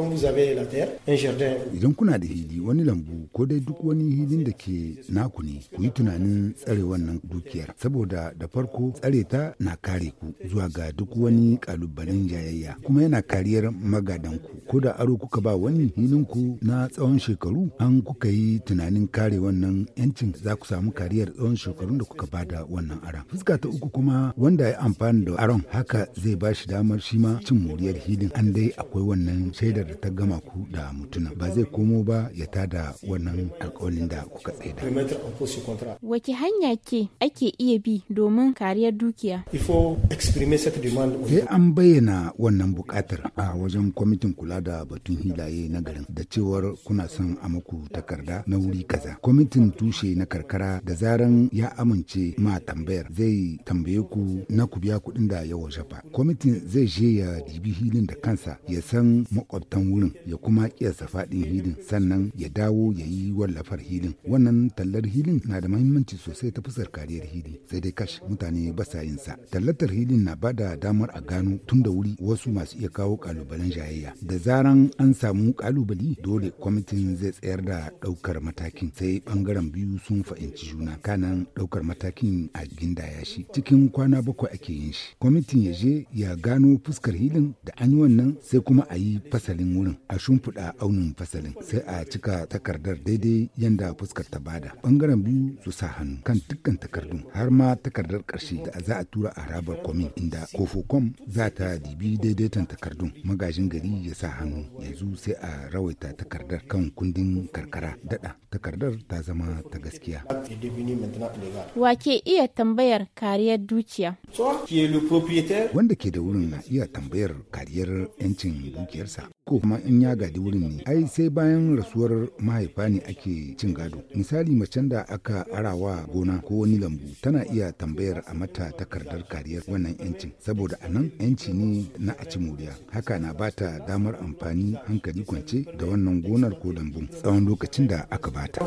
quand vous avez la terre, un jardin. Idan kuna da hili wani lambu ko dai duk wani hilin da ke naku ne ku yi tunanin tsare wannan dukiyar saboda da farko tsare ta na kare ku zuwa ga duk wani kalubalen jayayya kuma yana kariyar magadanku ko da aro kuka ba wani hilin ku na tsawon shekaru an kuka yi tunanin kare wannan yancin za ku samu kariyar tsawon shekarun da kuka bada wannan aron. Fuska ta uku kuma wanda ya amfani da aron haka zai ba shi damar shi ma cin moriyar hilin an dai akwai wannan shaidar da ta gama ku da mutuna ba zai komo ba ya ta da wannan alkawalin da kuka tsaida. Wace hanya ke ake iya bi domin kariyar dukiya? Sai an bayyana wannan bukatar a wajen kwamitin kula da batun hilaye na garin da cewar kuna son a muku takarda na wuri kaza. Kwamitin tushe na karkara da zaran ya amince ma tambayar zai tambaye ku na ku biya kuɗin da ya waje ba. Kwamitin zai je ya dibi hilin da kansa ya san makwabtan nisan wurin ya kuma kiyasta faɗin hilin sannan ya dawo ya yi wallafar hilin wannan tallar hilin na da mahimmanci sosai ta fusar kariyar hili sai dai kash mutane ba sa yin sa tallatar hilin na bada damar a gano tun da wuri wasu masu iya kawo kalubalen jayayya da zaran an samu kalubali dole kwamitin zai tsayar da daukar matakin sai bangaren biyu sun fahimci juna kanan daukar matakin a gindaya shi cikin kwana bakwai ake yin shi kwamitin ya je ya gano fuskar hilin da an yi wannan sai kuma a yi fasali. fasalin wurin a shimfiɗa aunin fasalin sai a cika takardar daidai yanda fuskar ta bada bangaren biyu su sa hannu kan dukkan takardun har ma takardar ƙarshe da za a tura a harabar komin inda kofokom za ta dibi daidaitan takardun magajin gari ya sa hannu yanzu sai a rawaita takardar kan kundin karkara dada takardar ta zama ta gaskiya wake iya tambayar kariyar dukiya wanda ke da wurin na iya tambayar kariyar 'yancin dukiyarsa ko kuma in ya gadi wurin ne ai sai bayan rasuwar mahaifa ne ake cin gado misali macen da aka arawa gona ko wani lambu tana iya tambayar a mata takardar kariyar wannan yancin saboda a nan yanci ne na a ci moriya haka na bata damar amfani hankali kwance da wannan gonar ko lambun tsawon lokacin da aka bata